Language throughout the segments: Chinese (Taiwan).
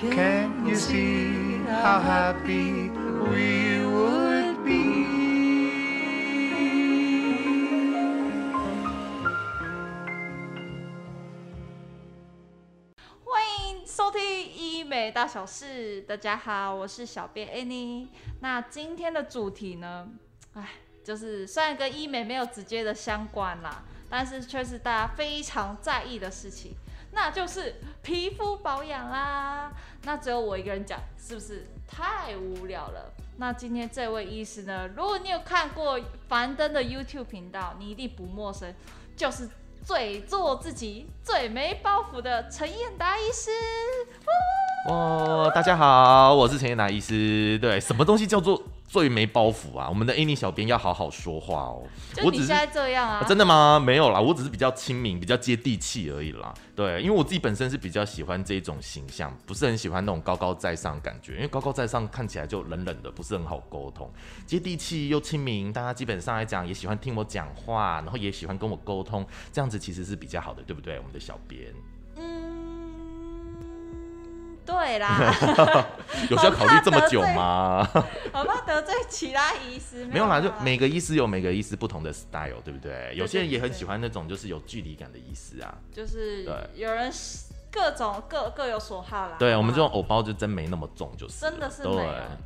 Can you see how happy we would be? 歡迎收聽醫美大小事，大家好，我是小編 Annie。那今天的主題呢？哎，就是雖然跟醫美沒有直接的相關啦，但是卻是大家非常在意的事情。那就是皮膚保養啦、啊，那只有我一個人講，是不是太無聊了？那今天這位醫師呢？如果你有看過凡登的 YouTube 頻道，你一定不陌生，就是最做自己、最沒包袱的陳彥達醫師、啊。大家好，我是陳彥達醫師。對，什麼東西叫做？最沒包袱啊！我們的 Amy 小編要好好說話哦、喔。就底下在這樣啊？啊真的嗎？沒有啦，我只是比較親民，比較接地氣而已啦。對，因為我自己本身是比較喜歡這種形象，不是很喜歡那種高高在上感覺，因為高高在上看起來就冷冷的，不是很好溝通。接地氣又親民，大家基本上來講也喜歡聽我講話，然後也喜歡跟我溝通，這樣子其實是比較好的，對不對？我們的小編。有需要考慮這麼久嗎？好怕得罪其他醫師，沒有啦，就每個醫師有每個醫師不同的 style，對不對？有些人也很喜歡那種就是有距離感的醫師啊，就是有人各種各各有所好啦。對我們這種偶包就真沒那麼重，就是真的是對。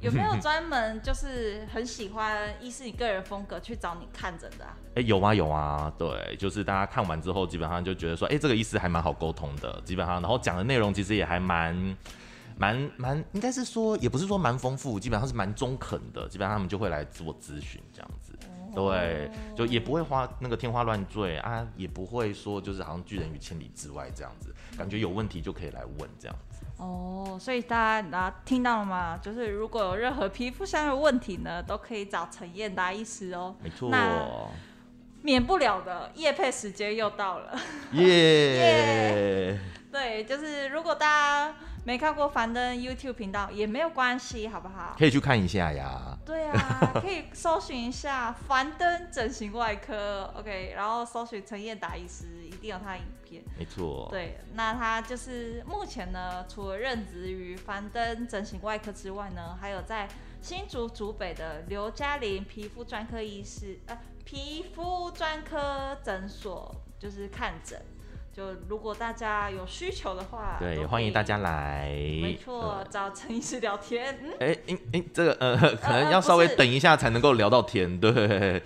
有沒有專門就是很喜歡醫師你個人風格去找你看診的啊？哎，有啊有啊，對，就是大家看完之後基本上就覺得說，哎，這個醫師還蠻好溝通的，基本上然後講的內容其實也還蠻。蠻蠻應該是說，也不是說蠻豐富，基本上是蠻中肯的。基本上他們就會來做諮詢這樣子，哦、對，就也不會花那個天花亂墜啊，也不會說就是好像拒人於千里之外這樣子，感覺有問題就可以來問這樣子。哦，所以大家大家聽到了嗎？就是如果有任何皮膚上有問題呢，都可以找陳燕達醫師哦。沒錯錯，那免不了的業配時間又到了。耶，對，就是如果大家。沒看過樊登 YouTube 頻道也沒有關係，好不好？可以去看一下呀。對呀、啊，可以搜尋一下樊登整形外科 OK，然後搜尋陳彥達醫師，一定有他的影片。沒錯錯。對，那他就是目前呢，除了任職於樊登整形外科之外呢，還有在新竹竹北的劉嘉玲皮膚專科醫師，呃，皮膚專科診所就是看診。就如果大家有需求的話，對，歡迎大家來。沒錯，對找陳醫師聊天。哎、嗯，哎這個呃，可能要稍微、呃、等一下才能夠聊到天。對，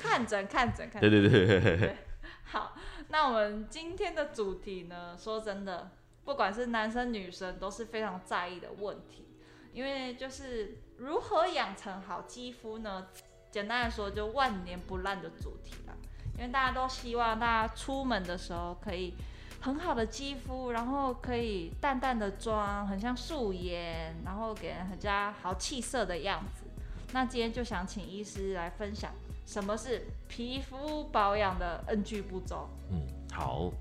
看診看診看。對對對對。好，那我們今天的主題呢？說真的，不管是男生女生都是非常在意的問題，因為就是如何養成好肌膚呢？簡單來說，就萬年不爛的主題啦。因為大家都希望大家出門的時候可以。很好的肌膚，然後可以淡淡的妝，很像素顏，然後給人很加好氣色的樣子。那今天就想請醫師來分享什麼是皮膚保養的 NG 步驟。嗯，好，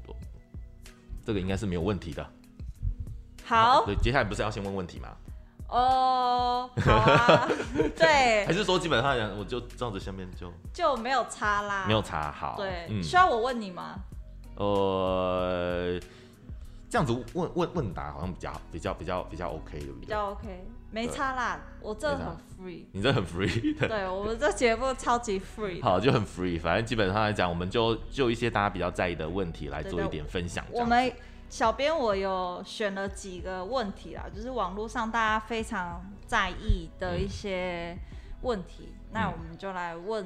這個應該是沒有問題的。好，好，對，接下來不是要先問問題嗎？哦、oh, 啊， 對，對還是說基本上我就照着下面就就沒有差啦，沒有差，好，對，嗯、需要我問你嗎？呃，這樣子問問問答好像比較比較比較比較 OK，對不對？比較 OK，沒差啦。呃、我這很 free，你這很 free。對，我們這節目超級 free。好，就很 free。反正基本上來講，我們就就一些大家比較在意的問題來做一點分享，對對對。我們小編我有選了幾個問題啦，就是網絡上大家非常在意的一些問題，嗯、那我們就來問。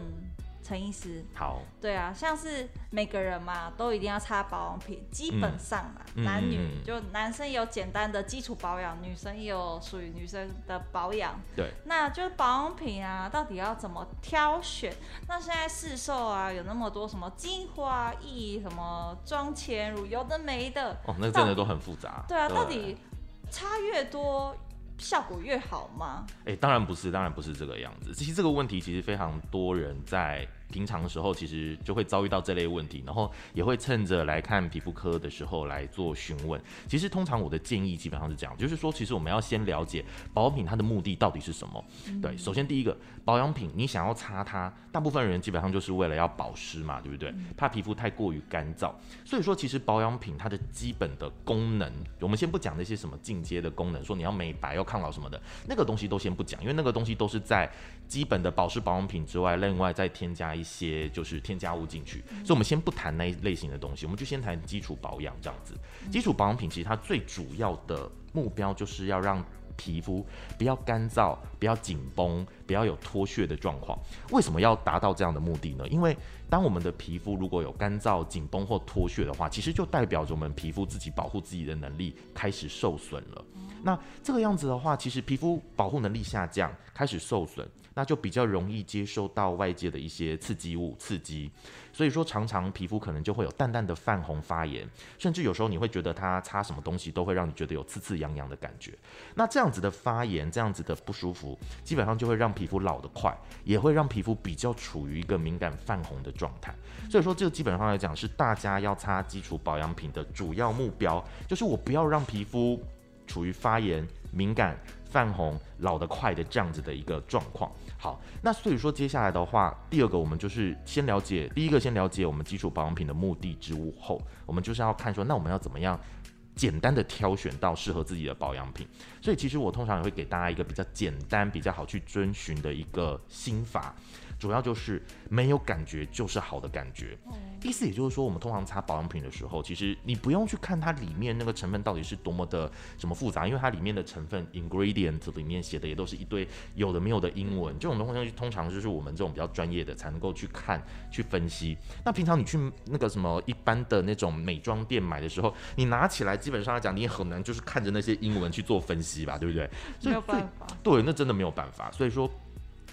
陳醫師，好，對啊，像是每個人嘛，都一定要擦保養品，基本上嘛、啊，嗯、男女嗯嗯嗯就男生有簡單的基礎保養，女生也有屬於女生的保養，對，那就是保養品啊，到底要怎麼挑選？那現在市售啊，有那麼多什麼精華液，什麼妝前乳，有的沒的，哦，那真的都很複雜。對啊，對對對，到底擦越多效果越好嗎？哎、欸，當然不是，當然不是這個樣子。其實這個問題其實非常多人在。平常的時候其實就會遭遇到這類問題，然後也會趁着來看皮膚科的時候來做詢問。其實通常我的建議基本上是這樣，就是說，其實我們要先了解保養品它的目的到底是什麼。對，首先第一個保養品，你想要擦它，大部分人基本上就是為了要保濕嘛，對不對？怕皮膚太過於乾燥。所以說，其實保養品它的基本的功能，我們先不講那些什麼進階的功能，說你要美白、要抗老什麼的，那個東西都先不講，因為那個東西都是在。基本的保濕保養品之外，另外再添加一些就是添加物進去，嗯、所以我們先不談那類型的東西，我們就先談基礎保養這樣子。嗯、基礎保養品其實它最主要的目標就是要讓。皮膚不要乾燥、不要緊繃、不要有脫屑的狀況，為什麼要達到這樣的目的呢？因為當我們的皮膚如果有乾燥、緊繃或脫屑的話，其實就代表着我們皮膚自己保護自己的能力開始受損了。嗯、那這個樣子的話，其實皮膚保護能力下降、開始受損，那就比較容易接受到外界的一些刺激物刺激。所以說，常常皮膚可能就會有淡淡的泛紅、發炎，甚至有時候你會覺得它擦什麼東西都會讓你覺得有刺刺癢癢的感覺。那這樣。這樣子的發炎，這樣子的不舒服，基本上就會讓皮膚老得快，也會讓皮膚比較處於一個敏感泛紅的狀態。所以說，這個基本上來講，是大家要擦基礎保養品的主要目標，就是我不要讓皮膚處於發炎、敏感、泛紅、老得快的這樣子的一個狀況。好，那所以說接下來的話，第二個我們就是先了解，第一個先了解我們基礎保養品的目的之物後，我們就是要看說，那我們要怎麼樣？簡單的挑選到適合自己的保養品，所以其實我通常也會給大家一個比較簡單、比較好去遵循的一個心法。主要就是沒有感覺就是好的感覺。意思也就是說，我們通常擦保養品的時候，其實你不用去看它裡面那個成分到底是多麼的什麼複雜，因為它裡面的成分 ingredient 裡面寫的也都是一堆有的沒有的英文，這種東西通常就是我們這種比較專業的才能夠去看去分析。那平常你去那個什麼一般的那種美妝店買的時候，你拿起來基本上來講，你也很難就是看着那些英文去做分析吧，對不對？所以對對，那真的沒有辦法。所以說。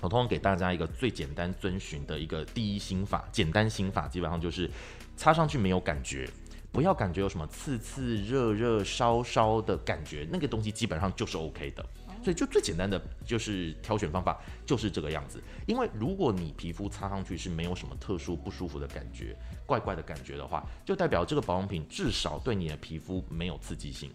我通常給大家一個最簡單遵循的一個第一心法，簡單心法基本上就是擦上去沒有感覺，不要感覺有什麼刺刺、熱熱、燒燒的感覺，那個東西基本上就是 OK 的。所以就最簡單的就是挑選方法就是這個樣子，因為如果你皮膚擦上去是沒有什麼特殊不舒服的感覺、怪怪的感覺的話，就代表這個保養品至少對你的皮膚沒有刺激性。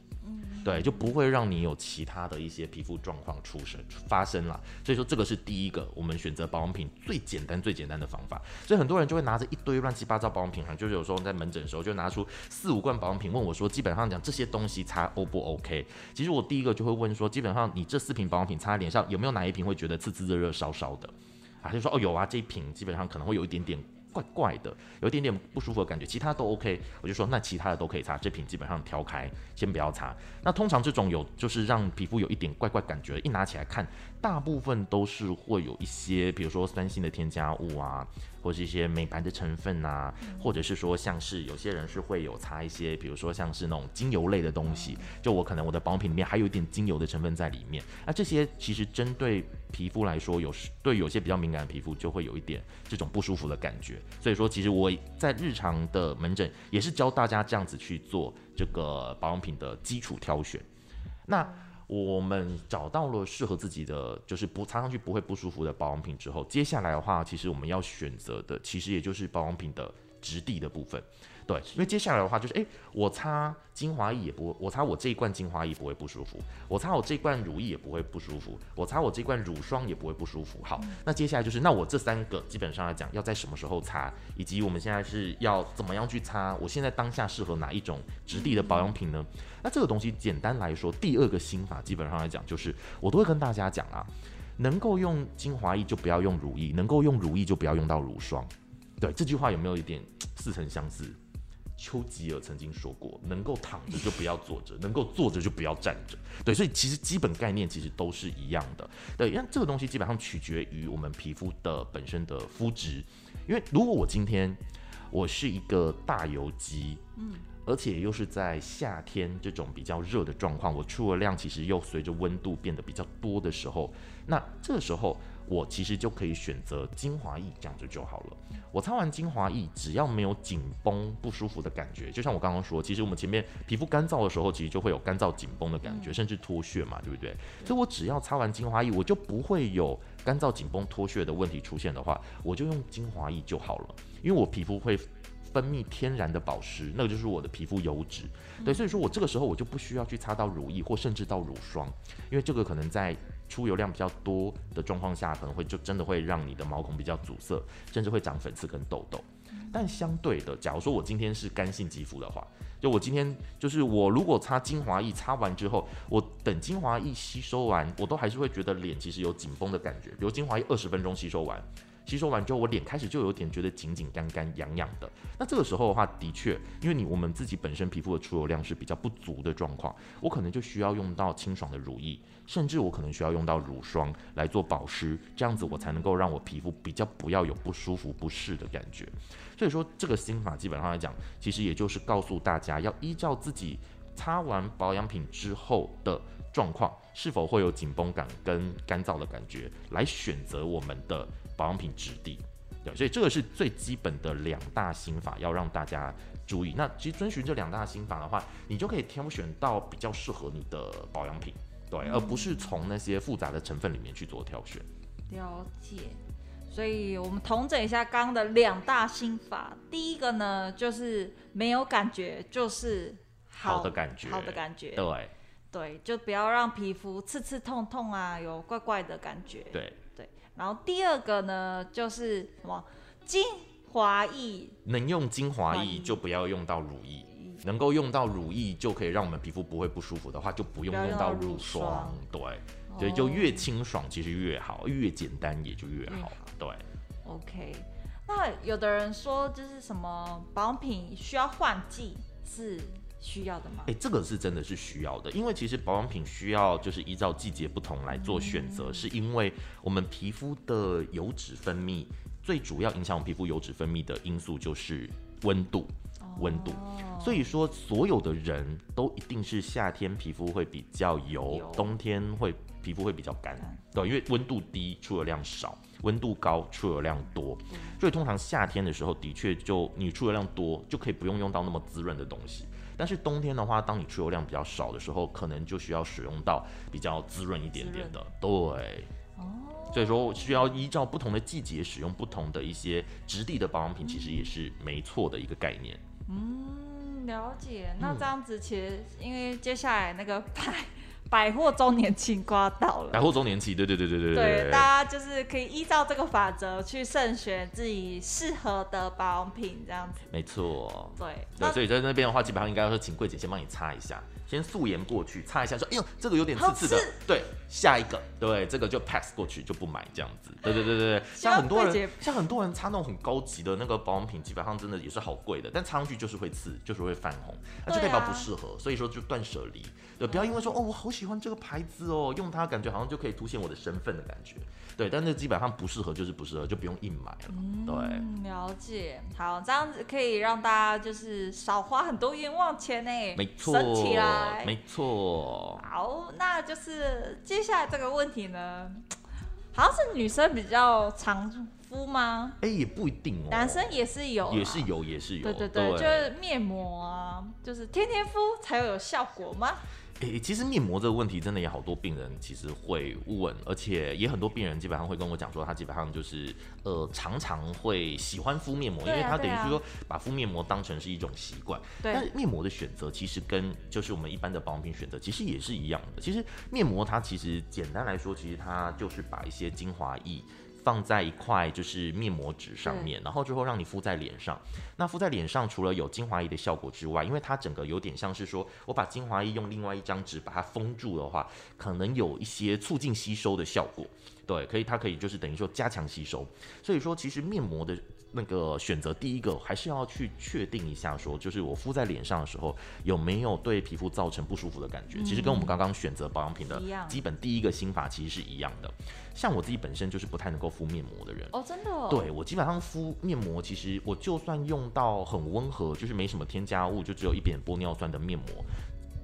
對，就不會讓你有其他的一些皮膚狀況出生發生了，所以說這個是第一個我們選擇保養品最簡單最簡單的方法。所以很多人就會拿着一堆亂七八糟保養品，哈，就是有時候在門診的時候就拿出四五罐保養品問我說，基本上講這些東西擦 O 不 OK？其實我第一個就會問說，基本上你這四瓶保養品擦在臉上有沒有哪一瓶會覺得刺刺熱熱燒燒的？啊，就說哦，有啊，這一瓶基本上可能會有一點點。怪怪的，有一點點不舒服的感覺，其他都 OK，我就說那其他的都可以擦，這瓶基本上挑開先不要擦。那通常這種有就是讓皮膚有一點怪怪感覺，一拿起來看，大部分都是會有一些，比如說酸性的添加物啊。或是一些美白的成分啊，或者是說像是有些人是會有擦一些，比如說像是那種精油類的東西。就我可能我的保養品裡面還有一點精油的成分在裡面，那、啊、這些其實針對皮膚來說，有時對有些比較敏感的皮膚就會有一點這種不舒服的感覺。所以說，其實我在日常的門診也是教大家這樣子去做這個保養品的基礎挑選。那我們找到了適合自己的，就是不擦上去不會不舒服的保養品之後，接下來的話，其實我們要選擇的，其實也就是保養品的質地的部分。對，因為接下來的話就是，哎、欸，我擦精華液也不會，我擦我這一罐精華液不會不舒服，我擦我這一罐乳液也不會不舒服，我擦我這一罐乳霜也不會不舒服。好，那接下來就是，那我這三個基本上來講，要在什麼時候擦，以及我們現在是要怎麼樣去擦？我現在當下適合哪一種質地的保養品呢？那這個東西簡單來說，第二個心法基本上來講就是，我都會跟大家講啊，能夠用精華液就不要用乳液，能夠用乳液就不要用到乳霜。對，這句話有沒有一點似曾相似？丘吉爾曾經說過：“能夠躺着就不要坐着，能夠坐着就不要站着。”對，所以其實基本概念其實都是一樣的。對，因為這個東西基本上取決於我們皮膚的本身的膚質。因為如果我今天我是一個大油肌，嗯，而且又是在夏天這種比較熱的狀況，我出的量其實又隨着溫度變得比較多的時候，那這個時候。我其實就可以選擇精華液，這樣子就好了。我擦完精華液，只要沒有緊繃不舒服的感覺，就像我剛剛說，其實我們前面皮膚乾燥的時候，其實就會有乾燥緊繃的感覺，甚至脫屑嘛，對不對？嗯。所以我只要擦完精華液，我就不會有乾燥緊繃脫屑的問題出現的話，我就用精華液就好了，因為我皮膚會分泌天然的保濕，那個就是我的皮膚油脂，對，所以說我這個時候我就不需要去擦到乳液或甚至到乳霜，因為這個可能在。出油量比較多的狀況下，可能會就真的會讓你的毛孔比較阻塞，甚至會長粉刺跟痘痘。但相對的，假如說我今天是乾性肌膚的話，就我今天就是我如果擦精華液擦完之後，我等精華液吸收完，我都還是會覺得臉其實有緊繃的感覺。比如精華液二十分鐘吸收完。吸收完之後，我臉開始就有點覺得緊緊乾乾、癢癢的。那這個時候的話，的確，因為你我們自己本身皮膚的出油量是比較不足的狀況，我可能就需要用到清爽的乳液，甚至我可能需要用到乳霜來做保濕，這樣子我才能夠讓我皮膚比較不要有不舒服、不適的感覺。所以說，這個心法基本上來講，其實也就是告訴大家，要依照自己擦完保養品之後的狀況。是否會有緊繃感跟乾燥的感覺，來選擇我們的保養品質地。對，所以這個是最基本的兩大心法，要讓大家注意。那其實遵循這兩大心法的話，你就可以挑選到比較適合你的保養品。對，嗯，而不是從那些複雜的成分裡面去做挑選。了解。所以我們統整一下剛剛的兩大心法。第一個呢，就是沒有感覺，就是好的感覺，好的感覺。感覺對。對，就不要讓皮膚刺刺痛痛啊，有怪怪的感覺。對對，然後第二個呢，就是什麼精華液，能用精華液就不要用到乳液，乳液能夠用到乳液就可以讓我們皮膚不會不舒服的話，就不用用到乳霜。乳霜對，所以、哦、就越清爽其實越好，越簡單也就越好。越好對。OK，那有的人說就是什麼保養品需要換季是需要的嗎？誒、欸，這個是真的是需要的，因為其實保養品需要就是依照季節不同來做選擇，嗯、是因為我們皮膚的油脂分泌最主要影響我們皮膚油脂分泌的因素就是溫度，溫、哦、度，所以說所有的人都一定是夏天皮膚會比較油，有冬天會皮膚會比較乾，嗯、對，因為溫度低出油量少，溫度高出油量多，對所以通常夏天的時候的確就你出油量多就可以不用用到那麼滋潤的東西。但是冬天的話，當你出油量比較少的時候，可能就需要使用到比較滋潤一點點的，潤對。哦，所以說需要依照不同的季節使用不同的一些質地的保養品，嗯、其實也是沒錯的一個概念。嗯，了解。那這樣子其實，嗯、因為接下來那個百貨週年慶刮到了，百貨週年慶，對對對對對對，對，對，對，對，對，對，對，大家就是可以依照這個法則去慎選自己適合的保養品，這樣子。沒錯，對，那所以在那邊的話，基本上應該要說，請櫃姐先幫你擦一下。先素顏過去擦一下說，說哎呦，這個有點刺刺的。吃對，下一個，對，這個就 pass 過去就不買，這樣子，對對對對像很多人像很多人擦那種很高級的那個保養品，基本上真的也是好貴的，但擦上去就是會刺，就是會泛紅，那就代表不適合，啊、所以說就斷捨離，對，不要因為說對哦我好喜歡這個牌子哦，用它感覺好像就可以凸顯我的身份的感覺，對，但是基本上不適合就是不適合，就不用硬買了，對，嗯、了解，好，這樣子可以讓大家就是少花很多冤枉錢哎、欸，沒錯錯，身體啦。沒錯，好，那就是接下來這個問題呢，好像是女生比較常敷嗎？哎、欸，也不一定哦，男生也是有，啊，也是有，也是有，也是有，對對對，對就是面膜啊，就是天天敷才有有效果嗎？誒、欸，其實面膜這個問題真的也好多病人其實會問，而且也很多病人基本上會跟我講說，他基本上就是呃常常會喜歡敷面膜，因為他等於是說把敷面膜當成是一種習慣。對、啊。啊、但是面膜的選擇其實跟就是我們一般的保養品選擇其實也是一樣的。其實面膜它其實簡單來說，其實它就是把一些精華液。放在一塊就是面膜紙上面，對然後最後讓你敷在臉上。那敷在臉上，除了有精華液的效果之外，因為它整個有點像是說，我把精華液用另外一張紙把它封住的話，可能有一些促進吸收的效果。對，可以，它可以就是等於說加強吸收。所以說，其實面膜的。那個選擇第一個，還是要去確定一下說，說就是我敷在臉上的時候有沒有對皮膚造成不舒服的感覺。嗯，其實跟我們剛剛選擇保養品的基本第一個心法其實是一樣的。樣，像我自己本身就是不太能夠敷面膜的人哦，真的，哦。對，我基本上敷面膜，其實我就算用到很溫和，就是沒什麼添加物，就只有一點玻尿酸的面膜，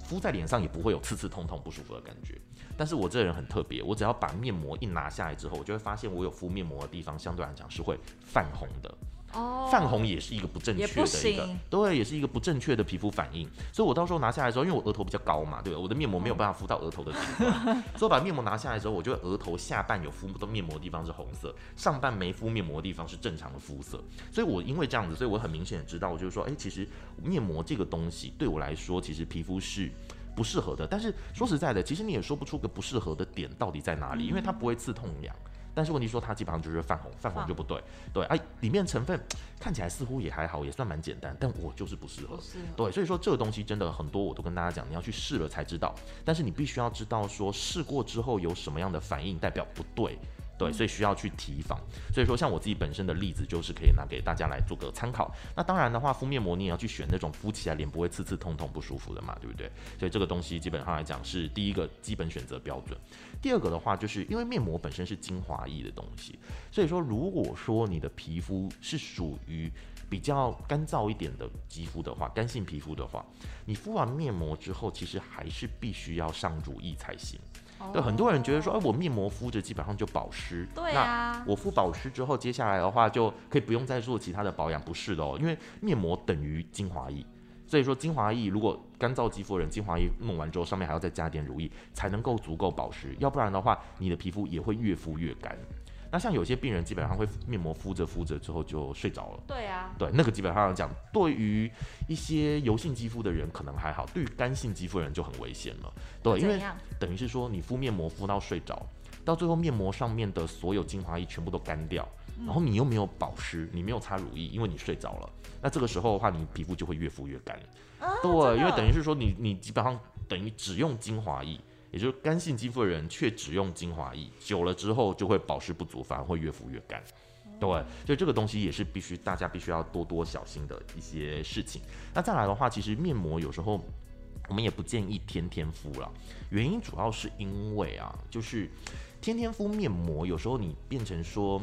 敷在臉上也不會有刺刺痛痛不舒服的感覺。但是我這人很特別，我只要把面膜一拿下來之後，我就會發現我有敷面膜的地方，相對來講是會泛紅的。哦，oh, 泛紅也是一個不正確的，一個，對，也是一個不正確的皮膚反應。所以我到時候拿下來之後，因為我額頭比較高嘛，對吧，我的面膜沒有辦法敷到額頭的地方，oh. 所以我把面膜拿下來之後，我就額頭下半有敷到面膜的地方是紅色，上半沒敷面膜的地方是正常的膚色。所以我因為這樣子，所以我很明顯的知道，我就是說，哎、欸，其實面膜這個東西對我來說，其實皮膚是。不適合的，但是說實在的，其實你也說不出個不適合的點到底在哪裡，嗯嗯，因為它不會刺痛癢，但是問題是說它基本上就是泛紅，泛紅就不對，啊，對啊，裡面成分看起來似乎也還好，也算蠻簡單，但我就是不適合，適合。對，所以說這個東西真的很多我都跟大家講，你要去試了才知道，但是你必須要知道說試過之後有什麼樣的反應代表不對。對，所以需要去提防。所以說，像我自己本身的例子，就是可以拿給大家來做個參考。那當然的話，敷面膜你也要去選那種敷起來臉不會刺刺痛痛不舒服的嘛，對不對？所以這個東西基本上來講是第一個基本選擇標準。第二個的話，就是因為面膜本身是精華液的東西，所以說如果說你的皮膚是屬於比較乾燥一點的肌膚的話，乾性皮膚的話，你敷完面膜之後，其實還是必須要上乳液才行。對，很多人覺得說，哎、呃，我面膜敷着基本上就保濕。對啊，那我敷保濕之後，接下來的話就可以不用再做其他的保養，不是的哦，因為面膜等於精華液。所以說，精華液如果乾燥肌膚的人，精華液弄完之後，上面還要再加點乳液，才能夠足夠保濕。要不然的話，你的皮膚也會越敷越乾。那像有些病人基本上會敷面膜敷着敷着之後就睡着了。對啊。對，那個基本上講，對於一些油性肌膚的人可能還好，對於乾性肌膚的人就很危險了。對，啊、因為等於是說你敷面膜敷到睡着，到最後面膜上面的所有精華液全部都乾掉，嗯、然後你又沒有保濕，你沒有擦乳液，因為你睡着了。那這個時候的話，你皮膚就會越敷越乾。對，啊、因為等於是說你你基本上等於只用精華液。也就是乾性肌膚的人卻只用精華液，久了之後就會保濕不足，反而會越敷越乾。對，所以這個東西也是必須大家必須要多多小心的一些事情。那再來的話，其實面膜有時候我們也不建議天天敷了，原因主要是因為啊，就是天天敷面膜，有時候你變成說。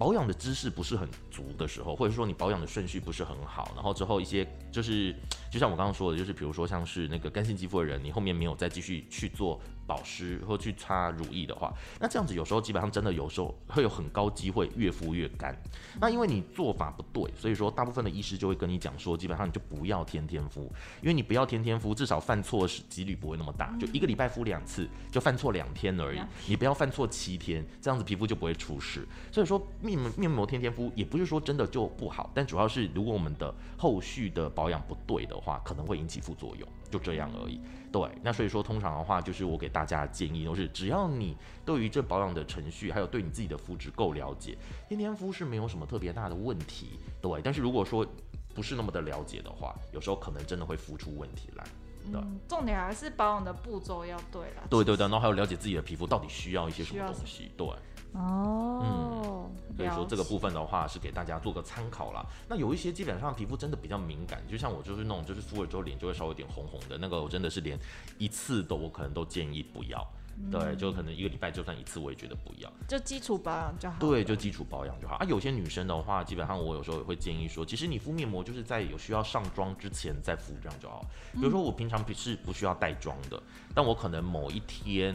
保養的知識不是很足的時候，或者說你保養的順序不是很好，然後之後一些就是，就像我剛剛說的，就是比如說像是那個乾性肌膚的人，你後面沒有再繼續去做。保濕或去擦乳液的話，那這樣子有時候基本上真的有時候會有很高機會越敷越乾。那因為你做法不對，所以說大部分的醫師就會跟你講說，基本上你就不要天天敷，因為你不要天天敷，至少犯錯是幾率不會那麼大，就一個禮拜敷兩次，就犯錯兩天而已。你不要犯錯七天，這樣子皮膚就不會出事。所以說面、面膜天天敷也不是說真的就不好，但主要是如果我們的後續的保養不對的話，可能會引起副作用，就這樣而已。對，那所以說通常的話，就是我給大家建議都是，只要你對於這保養的程序，還有對你自己的膚質夠了解，天天敷是沒有什麼特別大的問題，對。但是如果說不是那麼的了解的話，有時候可能真的會敷出問題來。對。嗯，重點還是保養的步驟要對啦。對對對，然後還有了解自己的皮膚到底需要一些什麼東西，對。哦，嗯，所以說這個部分的話是給大家做個參考啦。了解。那有一些基本上皮膚真的比較敏感，就像我就是那種就是敷了之後臉就會稍微有點紅紅的，那個我真的是連一次都我可能都建議不要。嗯、對，就可能一個禮拜就算一次我也覺得不要，就基礎保養就好。對，就基礎保養就好。啊，有些女生的話，基本上我有時候也會建議說，其實你敷面膜就是在有需要上妝之前再敷這樣就好。比如說我平常是不需要帶妝的，嗯、但我可能某一天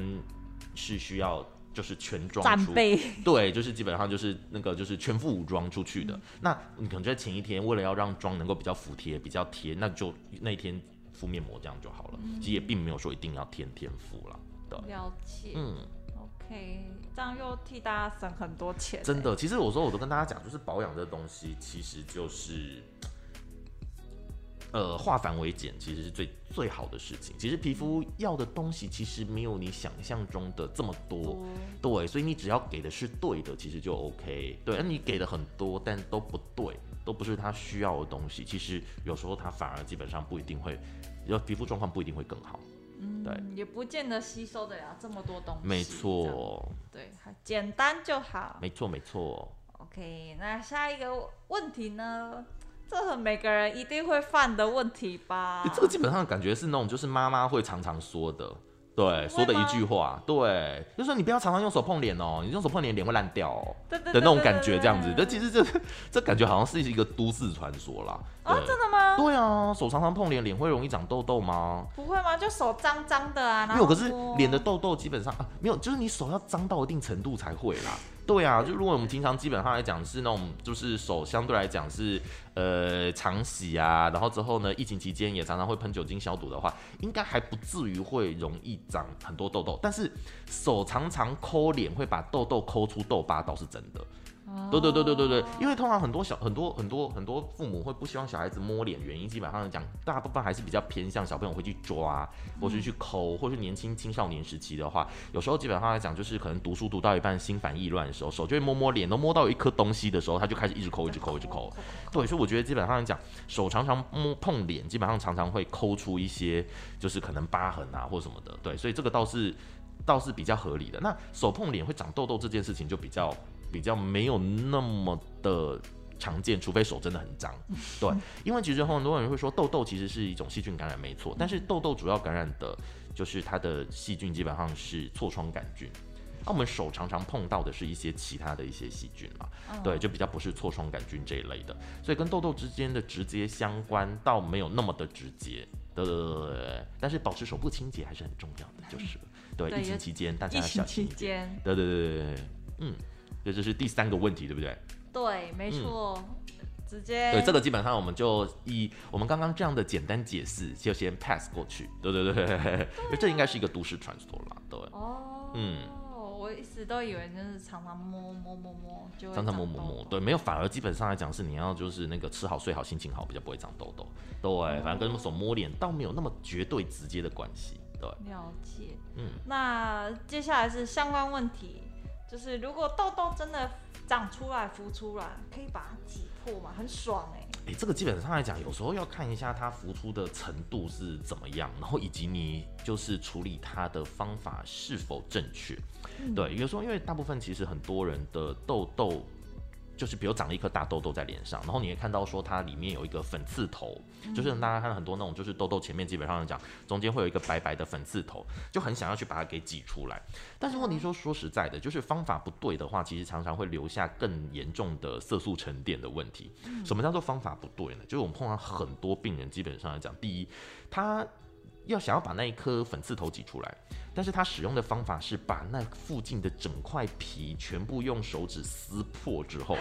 是需要。就是全裝出，戰備 對，就是基本上就是那個就是全副武裝出去的。嗯、那你可能就在前一天為了要讓妝能夠比較服帖，比較貼，那就那一天敷面膜這樣就好了。嗯、其實也並沒有說一定要天天敷了。對，了解，嗯，OK，這樣又替大家省很多錢，欸。真的，其實我說我都跟大家講，就是保養這東西，其實就是。呃，化繁為簡其實是最最好的事情。其實皮膚要的東西其實沒有你想象中的這麼多，哦、對，所以你只要給的是對的，其實就 OK。對，那你給的很多，但都不對，都不是他需要的東西，其實有時候他反而基本上不一定會，要皮膚狀況不一定會更好，嗯，對，也不見得吸收得了這麼多東西，沒錯，對，簡單就好，沒錯沒錯。OK，那下一個問題呢？這是每個人一定會犯的問題吧？這個基本上感覺是那種就是媽媽會常常說的，對，說的一句話，對，就是說你不要常常用手碰臉哦，你用手碰臉臉會爛掉哦，的那種感覺這樣子。但其實這這感覺好像是一個都市傳說啦。啊，真的嗎？對啊，手常常碰臉，臉會容易長痘痘嗎？不會嗎？就手髒髒的啊，沒有。可是臉的痘痘基本上啊，沒有，就是你手要髒到一定程度才會啦。對啊，就如果我們平常基本上來講是那種，就是手相對來講是呃常洗啊，然後之後呢，疫情期間也常常會噴酒精消毒的話，應該還不至於會容易長很多痘痘。但是手常常摳臉，會把痘痘摳出痘疤倒是真的。對對對對對對，因為通常很多小很多很多很多父母會不希望小孩子摸臉，原因基本上來講，大部分還是比較偏向小朋友會去抓，或是去摳，嗯、或是年輕青少年時期的話，有時候基本上來講，就是可能讀書讀到一半心煩意亂的時候，手就會摸摸臉，都摸到一顆東西的時候，他就開始一直摳一直摳一直摳。對，所以我覺得基本上來講，手常常摸碰臉，基本上常常會摳出一些就是可能疤痕啊或什麼的。對，所以這個倒是倒是比較合理的。那手碰臉會長痘痘這件事情就比較。比較沒有那麼的常見，除非手真的很髒。嗯、對，因為其實很多人會說痘痘其實是一種細菌感染，沒錯。但是痘痘主要感染的就是它的細菌基本上是痤瘡桿菌，那我們手常常碰到的是一些其他的一些細菌嘛？哦、對，就比較不是痤瘡桿菌這一類的，所以跟痘痘之間的直接相關倒沒有那麼的直接。對，但是保持手部清潔還是很重要的，嗯、就是對，對疫情期間大家小心一點。對對對對對，嗯。這就，就是第三個問題，對不對？對，沒錯，嗯、直接。對，這個基本上我們就以我們剛剛這樣的簡單解釋就先 pass 過去。對對對，對啊，因為這應該是一個都市傳說了。對，哦，嗯。哦，我一直都以為就是常常摸摸摸摸就會長痘痘，常常摸摸摸，對，沒有，反而基本上來講是你要就是那個吃好睡好心情好，比較不會長痘痘。對，哦、反正跟用手摸臉倒沒有那麼絕對直接的關係。對，了解。嗯，那接下來是相關問題。就是如果痘痘真的長出來、浮出來，可以把它擠破嗎？很爽哎、欸！哎、欸，這個基本上來講，有時候要看一下它浮出的程度是怎麼樣，然後以及你就是處理它的方法是否正確。嗯、對，有時候因為大部分其實很多人的痘痘。就是比如長了一顆大痘痘在臉上，然後你也看到說它裡面有一個粉刺頭，嗯、就是大家看到很多那種，就是痘痘前面基本上來講，中間會有一個白白的粉刺頭，就很想要去把它給擠出來。但是問題說、嗯、說實在的，就是方法不對的話，其實常常會留下更嚴重的色素沉澱的問題。嗯、什麼叫做方法不對呢？就是我們碰到很多病人，基本上來講，第一，他。要想要把那一顆粉刺頭擠出來，但是他使用的方法是把那附近的整塊皮全部用手指撕破之後，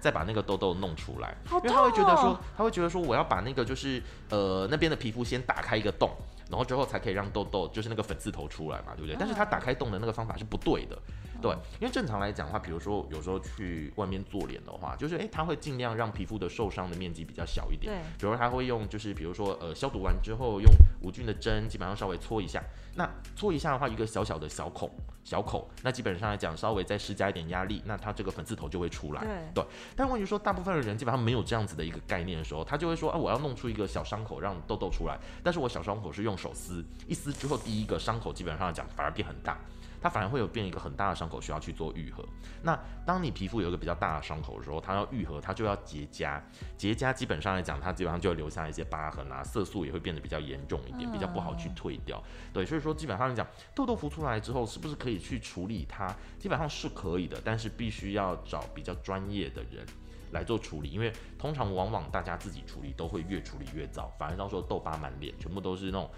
再把那個痘痘弄出來，因為他會覺得說，他會覺得說，我要把那個就是呃那邊的皮膚先打開一個洞，然後之後才可以讓痘痘就是那個粉刺頭出來嘛，對不對？但是他打開洞的那個方法是不對的。對，因為正常來講的話，比如說有時候去外面做臉的話，就是誒，它會盡量讓皮膚的受傷的面積比較小一點。對比如它會用，就是比如說呃，消毒完之後用無菌的針，基本上稍微搓一下。那搓一下的話，一個小小的小孔，小口，那基本上來講，稍微再施加一點壓力，那它這個粉刺頭就會出來。對，對，但問題說，大部分的人基本上沒有這樣子的一個概念的時候，他就會說啊，我要弄出一個小傷口讓痘痘出來，但是我小傷口是用手撕，一撕之後，第一個傷口基本上來講反而變很大。它反而會有變一個很大的傷口需要去做愈合。那當你皮膚有一個比較大的傷口的時候，它要愈合，它就要結痂。結痂基本上來講，它基本上就會留下一些疤痕啊，色素也會變得比較嚴重一點，比較不好去退掉。嗯、對，所以說基本上來講，痘痘浮出來之後，是不是可以去處理它？基本上是可以的，但是必須要找比較專業的人來做處理，因為通常往往大家自己處理都會越處理越糟，反而到時候痘疤滿臉，全部都是那種。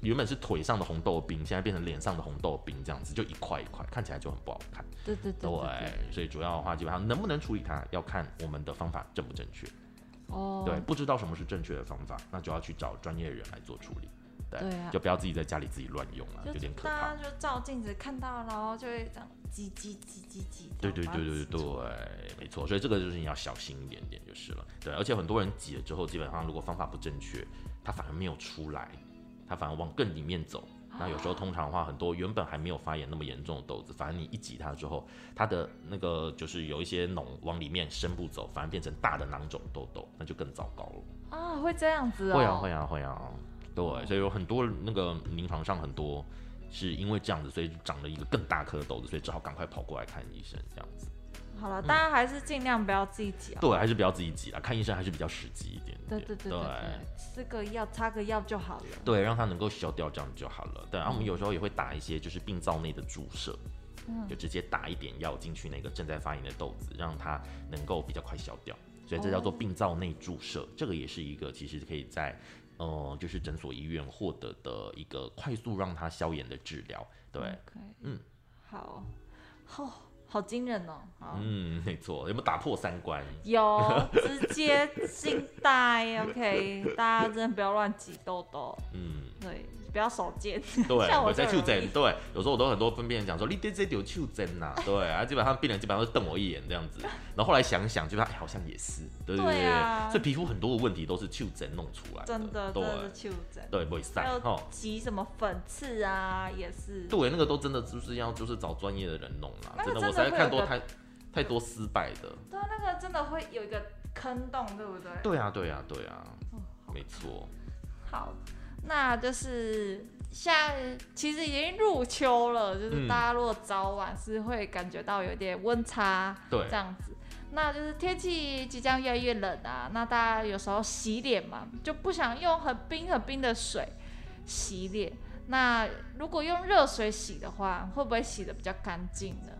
原本是腿上的紅豆冰，現在變成臉上的紅豆冰。這樣子就一塊一塊，看起來就很不好看。對對對，對對對，所以主要的話，基本上能不能處理它，要看我們的方法正不正確。哦，對，不知道什麼是正確的方法，那就要去找專業人來做處理。對，對啊、就不要自己在家裡自己亂用了，啊，就有點可怕。就照鏡子看到了，然後就會這樣擠擠擠擠擠。這樣 對，對對對對對對，對沒錯。所以這個就是你要小心一點點就是了。對，而且很多人擠了之後，基本上如果方法不正確，它反而沒有出來。它反而往更裡面走，那有時候通常的話，很多原本還沒有發炎那麼嚴重的痘子，反正你一擠它之後，它的那個就是有一些膿往裡面深部走，反而變成大的囊腫痘痘，那就更糟糕了啊！會這樣子哦？會啊，會啊，會啊。對，所以有很多那個臨床上很多是因為這樣子，所以長了一個更大顆的痘子，所以只好趕快跑過來看醫生這樣子。好了，大家還是盡量不要自己擠啊。嗯、對，還是不要自己擠啊，看醫生還是比較實際一點、點。對，對對對對，吃對個藥擦個藥就好了。對，讓它能夠消掉，這樣就好了。對，嗯、然後我們有時候也會打一些，就是病灶內的注射，嗯、就直接打一點藥進去那個正在發炎的豆子，讓它能夠比較快消掉。所以這叫做病灶內注射，哦、這個也是一個其實可以在嗯、呃，就是診所醫院獲得的一個快速讓它消炎的治療。對，可以。嗯，好好。哦好驚人哦、喔！嗯，沒錯，有沒有打破三觀？有，直接驚呆。 OK，大家真的不要亂擠痘痘。嗯，對。不要手賤，對，我在丘疹，對，有時候我都很多分辨講說你對這有丘疹吶，對，啊，基本上病人基本上會瞪我一眼這樣子，然後後來想想，就他好像也是，對對對，所以皮膚很多的問題都是丘疹弄出來的，真的，對，對，會曬哈，還有擠什麼粉刺啊，也是，對，那個都真的就是要就是找專業的人弄了，真的我在看多太太多失敗的，對，那個真的會有一個坑洞，對不對？對啊，對啊，對啊。沒錯，好。那就是現在其實已經入秋了，就是大家如果早晚是會感覺到有點溫差，對，這樣子。對那就是天氣即將越來越冷啊，那大家有時候洗臉嘛，就不想用很冰很冰的水洗臉。那如果用熱水洗的話，會不會洗得比較乾淨呢？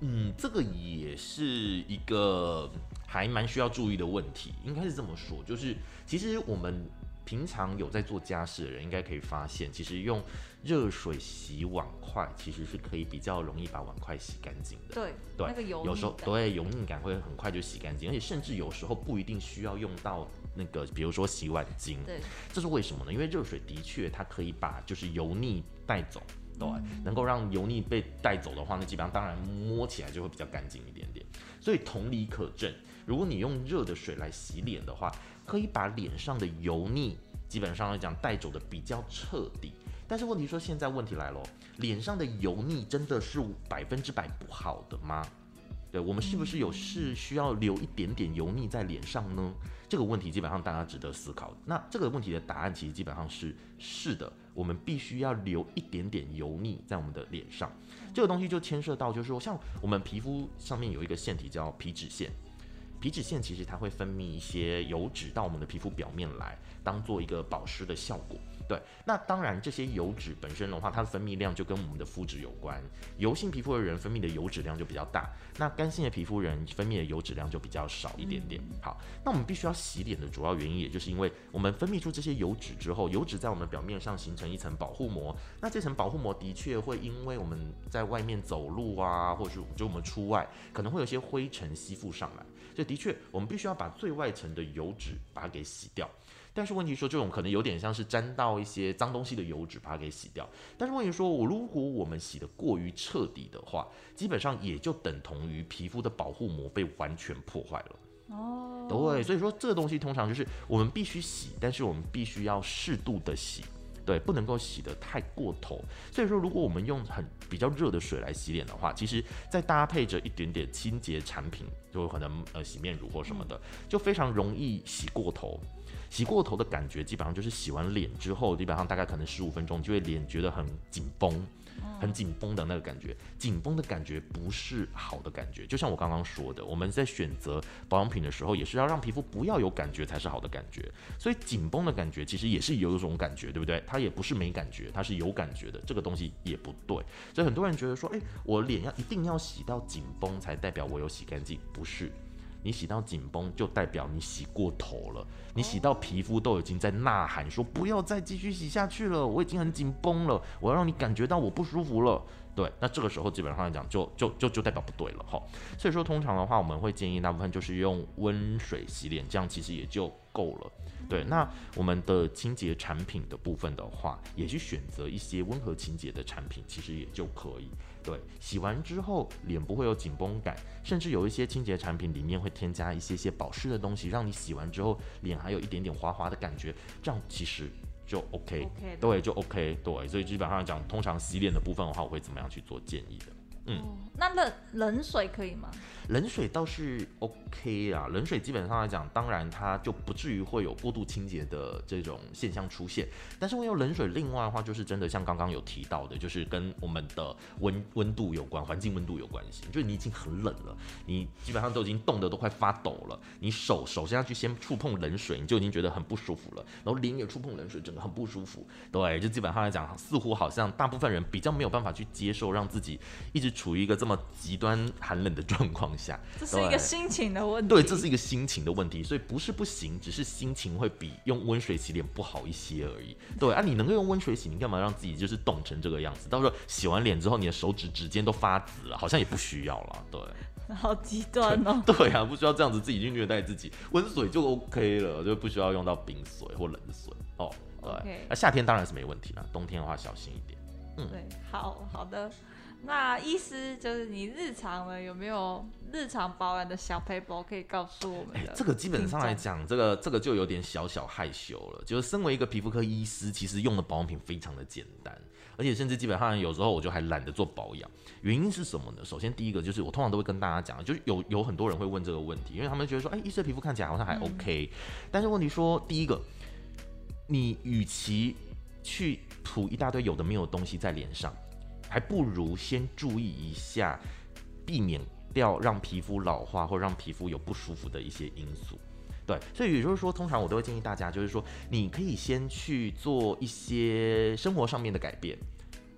嗯，這個也是一個還蠻需要注意的問題，應該是這麼說，就是其實我們。平常有在做家事的人，應該可以發現，其實用熱水洗碗筷，其實是可以比較容易把碗筷洗乾淨的，對。對，對，那個油，有時候對油膩感會很快就洗乾淨，而且甚至有時候不一定需要用到那個，比如說洗碗精。對，這是為什麼呢？因為熱水的確它可以把就是油膩帶走，對，嗯、能夠讓油膩被帶走的話，那基本上當然摸起來就會比較乾淨一點點。所以同理可證，如果你用熱的水來洗臉的話。可以把臉上的油膩，基本上來講帶走得比較徹底。但是問題說，現在問題來了，臉上的油膩真的是百分之百不好的嗎？對，我們是不是有事需要留一點點油膩在臉上呢？這個問題基本上大家值得思考。那這個問題的答案其實基本上是，是的，我們必須要留一點點油膩在我們的臉上。這個東西就牽涉到，就是說像我們皮膚上面有一個腺體叫皮脂腺。皮脂腺其實它會分泌一些油脂到我們的皮膚表面來，當做一個保濕的效果。對，那當然這些油脂本身的話，它的分泌量就跟我們的膚質有關。油性皮膚的人分泌的油脂量就比較大，那乾性的皮膚的人分泌的油脂量就比較少一點點。嗯、好，那我們必須要洗臉的主要原因，也就是因為我們分泌出這些油脂之後，油脂在我們表面上形成一層保護膜。那這層保護膜的確會因為我們在外面走路啊，或者是我就我們出外，可能會有些灰塵吸附上來。這的確，我們必須要把最外層的油脂把它給洗掉。但是問題說，這種可能有點像是沾到一些髒東西的油脂，把它給洗掉。但是問題說，我如果我們洗得過於徹底的話，基本上也就等同於皮膚的保護膜被完全破壞了。哦，對，所以說這個東西通常就是我們必須洗，但是我們必須要適度的洗。對，不能夠洗得太過頭。所以說，如果我們用很比較熱的水來洗臉的話，其實再搭配着一點點清潔產品，就有可能呃洗面乳或什麼的，就非常容易洗過頭。洗過頭的感覺基本上就是洗完臉之後，基本上大概可能十五分鐘就會臉覺得很緊繃，很緊繃的那個感覺，緊繃的感覺不是好的感覺。就像我剛剛說的，我們在選擇保養品的時候，也是要讓皮膚不要有感覺才是好的感覺。所以緊繃的感覺其實也是有一種感覺，對不對？它也不是沒感覺，它是有感覺的。這個東西也不對。所以很多人覺得說，哎、欸，我臉要一定要洗到緊繃才代表我有洗乾淨，不是。你洗到緊繃，就代表你洗過頭了。你洗到皮膚都已經在吶喊說不要再繼續洗下去了，我已經很緊繃了，我要讓你感覺到我不舒服了。對，那這個時候基本上來講就就就就代表不對了哈。所以說通常的話，我們會建議大部分就是用溫水洗臉，這樣其實也就夠了。對，那我們的清潔產品的部分的話，也去選擇一些溫和清潔的產品，其實也就可以。對，洗完之後臉不會有緊繃感，甚至有一些清潔產品裡面會添加一些些保濕的東西，讓你洗完之後臉還有一點點滑滑的感覺，這樣其實就 OK，對，就 OK，對，所以基本上講，通常洗臉的部分的話，我會怎麼樣去做建議的。嗯，哦、那冷冷水可以嗎？冷水倒是 OK 啊。冷水基本上來講，當然它就不至於會有過度清潔的這種現象出現。但是用冷水，另外的話就是真的像剛剛有提到的，就是跟我們的溫溫度有關，環境溫度有關係。就是你已經很冷了，你基本上都已經凍得都快發抖了，你手首先要去先觸碰冷水，你就已經覺得很不舒服了。然後臉也觸碰冷水，整個很不舒服。對，就基本上來講，似乎好像大部分人比較沒有辦法去接受讓自己一直，處於一個這麼極端寒冷的狀況下，這是一個心情的問題。對，這是一個心情的問題，所以不是不行，只是心情會比用溫水洗臉不好一些而已。對，對啊，你能夠用溫水洗，你幹嘛讓自己就是凍成這個樣子？到時候洗完臉之後，你的手指指尖都發紫了，好像也不需要了。 對，好極端哦對。對啊，不需要這樣子自己去虐待自己，溫水就 OK 了，就不需要用到冰水或冷水哦。Oh, 對，那 Okay.、啊、夏天當然是沒問題了，冬天的話小心一點。嗯，對，好，好的。嗯。那醫師就是你日常的有沒有日常保養的小 paper 可以告訴我們？哎、欸，這個基本上來講，這個這個就有點小小害羞了。就是身為一個皮膚科醫師，其實用的保養品非常的簡單，而且甚至基本上有時候我就還懶得做保養。原因是什麼呢？首先第一個就是我通常都會跟大家講，就是有有很多人會問這個問題，因為他們覺得說，哎、欸，醫師的皮膚看起來好像還 OK，、嗯、但是問題說，第一個，你與其去塗一大堆有的沒有東西在臉上。還不如先注意一下，避免掉讓皮膚老化或讓皮膚有不舒服的一些因素。對，所以也就是說，通常我都會建議大家，就是說，你可以先去做一些生活上面的改變。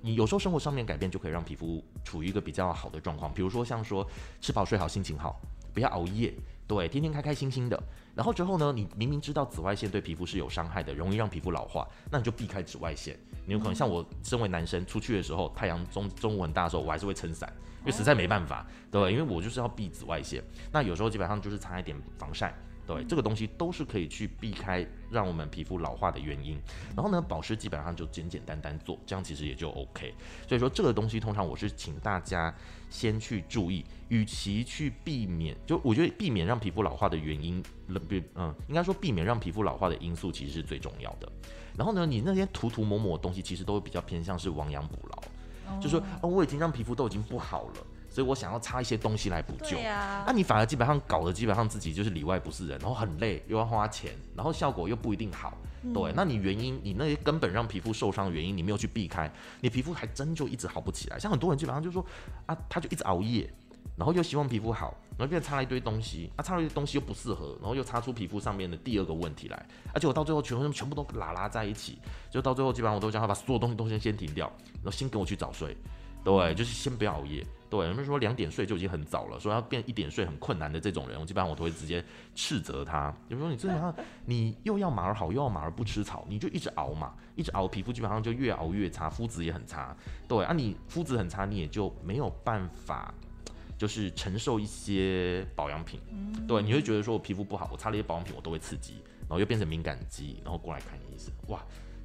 你有時候生活上面改變就可以讓皮膚處於一個比較好的狀況。比如說像說，吃飽睡好，心情好，不要熬夜。對，天天開開心心的。然後之後呢，你明明知道紫外線對皮膚是有傷害的，容易讓皮膚老化，那你就避開紫外線。你有可能、哦、像我身為男生出去的時候，太陽中中午很大的時候，我還是會撐傘，因為實在沒辦法，哦、對，因為我就是要避紫外線。那有時候基本上就是擦一點防曬。對，這個東西都是可以去避開讓我們皮膚老化的原因，然後呢，保濕基本上就簡簡單單做，這樣其實也就 OK。所以說這個東西，通常我是請大家先去注意，與其去避免，就我覺得避免讓皮膚老化的原因，嗯，應該說避免讓皮膚老化的因素其實是最重要的。然後呢，你那些塗塗抹抹的東西，其實都會比較偏向是亡羊補牢，就是說，啊，哦，我已經讓皮膚都已經不好了。所以我想要擦一些東西來補救，那、啊啊、你反而基本上搞得基本上自己就是裡外不是人，然後很累，又要花錢，然後效果又不一定好，嗯、對，那你原因，你那根本讓皮膚受傷的原因，你沒有去避開，你皮膚還真就一直好不起來。像很多人基本上就是說，啊，他就一直熬夜，然後又希望皮膚好，然後變成擦了一堆東西，啊，擦了一堆東西又不適合，然後又擦出皮膚上面的第二個問題來，而且我到最後全部全部都拉拉在一起，就到最後基本上我都叫他把所有東西都先先停掉，然後先跟我去早睡，對，就是先不要熬夜。對，比如說兩點睡就已經很早了，說要變一點睡很困難的這種人，我基本上我都會直接斥責他。比如說你基本上你又要馬兒好，又要馬兒不吃草，你就一直熬嘛，一直熬，皮膚基本上就越熬越差，膚質也很差。對啊，你膚質很差，你也就沒有辦法，就是承受一些保養品。對，你會覺得說我皮膚不好，我擦了一些保養品，我都會刺激，然後又變成敏感肌，然後過來看你醫生，哇。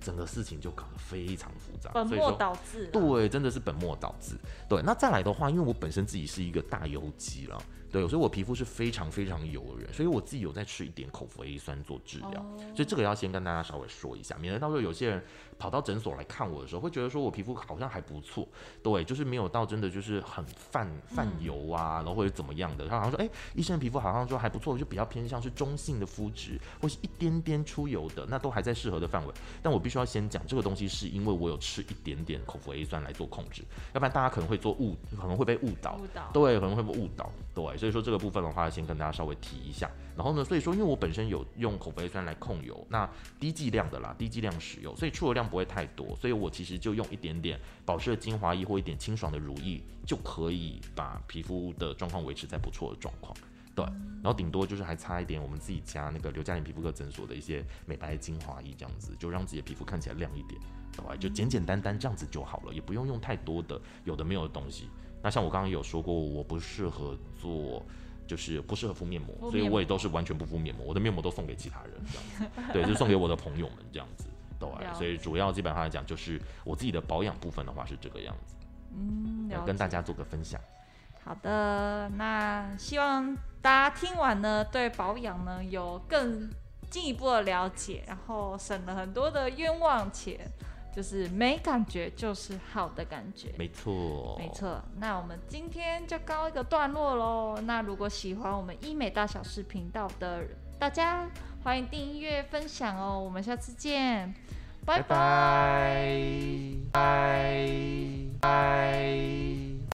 整個事情就搞得非常複雜，本末倒置。對，真的是本末倒置。對，那再來的話，因為我本身自己是一個大油肌了。對，所以我皮膚是非常非常油的人，所以我自己有在吃一點口服 A 酸做治療，oh. 所以這個要先跟大家稍微說一下，免得到時候有些人跑到診所來看我的時候，會覺得說我皮膚好像還不錯，對，就是沒有到真的就是很泛泛油啊，嗯、然後或者怎麼樣的，他好像說，哎、欸，醫生皮膚好像說還不錯，就比較偏向是中性的膚質，或是一點點出油的，那都還在適合的範圍，但我必須要先講這個東西，是因為我有吃一點點口服 A 酸來做控制，要不然大家可能會做誤，可能會被誤導，誤導，對，可能會被誤導，對。所以說這個部分的話，先跟大家稍微提一下。然後呢，所以說因為我本身有用口服 A 酸，來控油，那低劑量的啦，低劑量使用，所以出油量不會太多。所以我其實就用一點點保濕的精華液或一點清爽的乳液，就可以把皮膚的狀況維持在不錯的狀況。對，然後頂多就是還擦一點我們自己家那個劉嘉玲皮膚科診所的一些美白精華液，這樣子就讓自己的皮膚看起來亮一點。對，就簡簡單單這樣子就好了，也不用用太多的有的沒有的東西。那像我剛剛有說過，我不適合做，就是不適合敷面膜，敷面膜。所以我也都是完全不敷面膜，我的面膜都送給其他人，這樣子 對，就送給我的朋友們這樣子，對，了解。所以主要基本上來講，就是我自己的保養部分的話是這個樣子，嗯，我要跟大家做個分享。好的，那希望大家聽完呢，對保養呢有更進一步的了解，然後省了很多的冤枉錢。就是沒感覺，就是好的感覺。沒錯、哦，沒錯。那我們今天就告一個段落嘍。那如果喜歡我們醫美大小事頻道的人大家，歡迎訂閱分享哦。我們下次見，拜拜拜拜。拜拜拜拜。